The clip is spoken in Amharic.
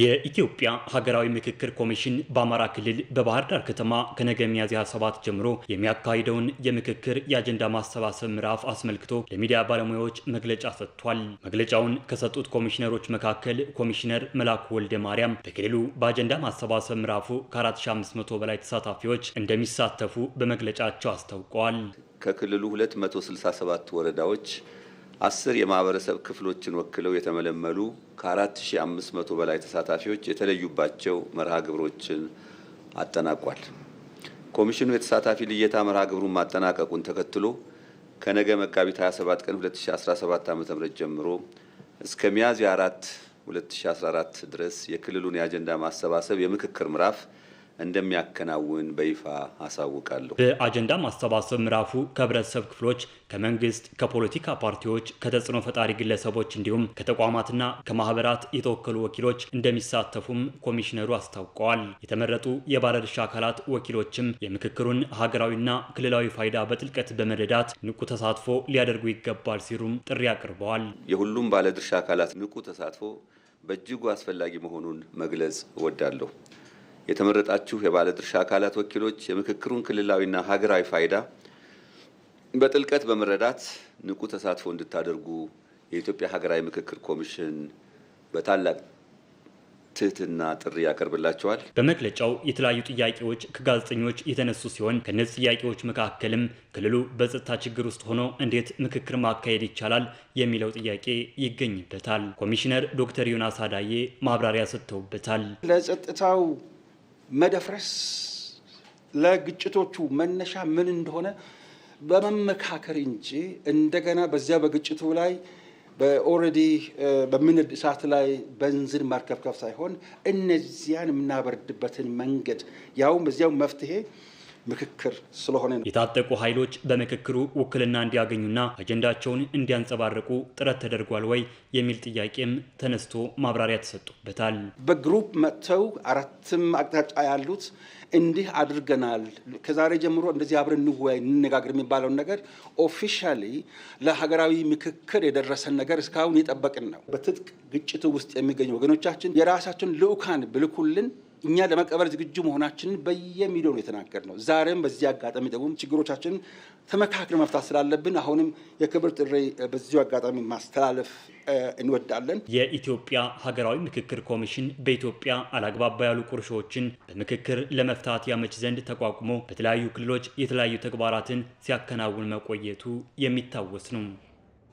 የኢትዮጵያ ሀገራዊ ምክክር ኮሚሽን በአማራ ክልል በባህር ዳር ከተማ ከነገ ሚያዝያ ሰባት ጀምሮ የሚያካሂደውን የምክክር የአጀንዳ ማሰባሰብ ምዕራፍ አስመልክቶ ለሚዲያ ባለሙያዎች መግለጫ ሰጥቷል። መግለጫውን ከሰጡት ኮሚሽነሮች መካከል ኮሚሽነር መላኩ ወልደ ማርያም በክልሉ በአጀንዳ ማሰባሰብ ምዕራፉ ከ4500 በላይ ተሳታፊዎች እንደሚሳተፉ በመግለጫቸው አስታውቀዋል። ከክልሉ 267 ወረዳዎች አስር የማህበረሰብ ክፍሎችን ወክለው የተመለመሉ ከ4500 በላይ ተሳታፊዎች የተለዩባቸው መርሃ ግብሮችን አጠናቋል። ኮሚሽኑ የተሳታፊ ልየታ መርሃ ግብሩን ማጠናቀቁን ተከትሎ ከነገ መጋቢት 27 ቀን 2017 ዓ.ም ጀምሮ እስከ ሚያዝያ 4 2014 ድረስ የክልሉን የአጀንዳ ማሰባሰብ የምክክር ምዕራፍ እንደሚያከናውን በይፋ አሳውቃለሁ። በአጀንዳ ማሰባሰብ ምዕራፉ ከህብረተሰብ ክፍሎች፣ ከመንግስት፣ ከፖለቲካ ፓርቲዎች፣ ከተጽዕኖ ፈጣሪ ግለሰቦች እንዲሁም ከተቋማትና ከማህበራት የተወከሉ ወኪሎች እንደሚሳተፉም ኮሚሽነሩ አስታውቀዋል። የተመረጡ የባለድርሻ አካላት ወኪሎችም የምክክሩን ሀገራዊና ክልላዊ ፋይዳ በጥልቀት በመረዳት ንቁ ተሳትፎ ሊያደርጉ ይገባል ሲሉም ጥሪ አቅርበዋል። የሁሉም ባለድርሻ አካላት ንቁ ተሳትፎ በእጅጉ አስፈላጊ መሆኑን መግለጽ እወዳለሁ። የተመረጣችሁ የባለድርሻ አካላት ወኪሎች የምክክሩን ክልላዊና ሀገራዊ ፋይዳ በጥልቀት በመረዳት ንቁ ተሳትፎ እንድታደርጉ የኢትዮጵያ ሀገራዊ ምክክር ኮሚሽን በታላቅ ትህትና ጥሪ ያቀርብላቸዋል። በመግለጫው የተለያዩ ጥያቄዎች ከጋዜጠኞች የተነሱ ሲሆን ከእነዚህ ጥያቄዎች መካከልም ክልሉ በጸጥታ ችግር ውስጥ ሆኖ እንዴት ምክክር ማካሄድ ይቻላል የሚለው ጥያቄ ይገኝበታል። ኮሚሽነር ዶክተር ዮናስ አዳዬ ማብራሪያ ሰጥተውበታል። ለጸጥታው መደፍረስ ለግጭቶቹ መነሻ ምን እንደሆነ በመመካከር እንጂ እንደገና በዚያ በግጭቱ ላይ በኦልሬዲ በምንድ እሳት ላይ በንዝን ማርከብከብ ሳይሆን እነዚያን የምናበርድበትን መንገድ ያውም እዚያው መፍትሄ ምክክር ስለሆነ ነው። የታጠቁ ኃይሎች በምክክሩ ውክልና እንዲያገኙና አጀንዳቸውን እንዲያንጸባርቁ ጥረት ተደርጓል ወይ የሚል ጥያቄም ተነስቶ ማብራሪያ ተሰጡበታል። በግሩፕ መጥተው አራትም አቅጣጫ ያሉት እንዲህ አድርገናል፣ ከዛሬ ጀምሮ እንደዚህ አብረን እንወያይ፣ እንነጋገር የሚባለውን ነገር ኦፊሻሊ ለሀገራዊ ምክክር የደረሰን ነገር እስካሁን የጠበቅን ነው። በትጥቅ ግጭቱ ውስጥ የሚገኙ ወገኖቻችን የራሳቸውን ልዑካን ብልኩልን እኛ ለመቀበር ዝግጁ መሆናችንን በየሚሊዮኑ የተናገር ነው። ዛሬም በዚህ አጋጣሚ ደግሞ ችግሮቻችንን ተመካክር መፍታት ስላለብን አሁንም የክብር ጥሪ በዚሁ አጋጣሚ ማስተላለፍ እንወዳለን። የኢትዮጵያ ሀገራዊ ምክክር ኮሚሽን በኢትዮጵያ አላግባባ ያሉ ቁርሾዎችን በምክክር ለመፍታት ያመች ዘንድ ተቋቁሞ በተለያዩ ክልሎች የተለያዩ ተግባራትን ሲያከናውን መቆየቱ የሚታወስ ነው።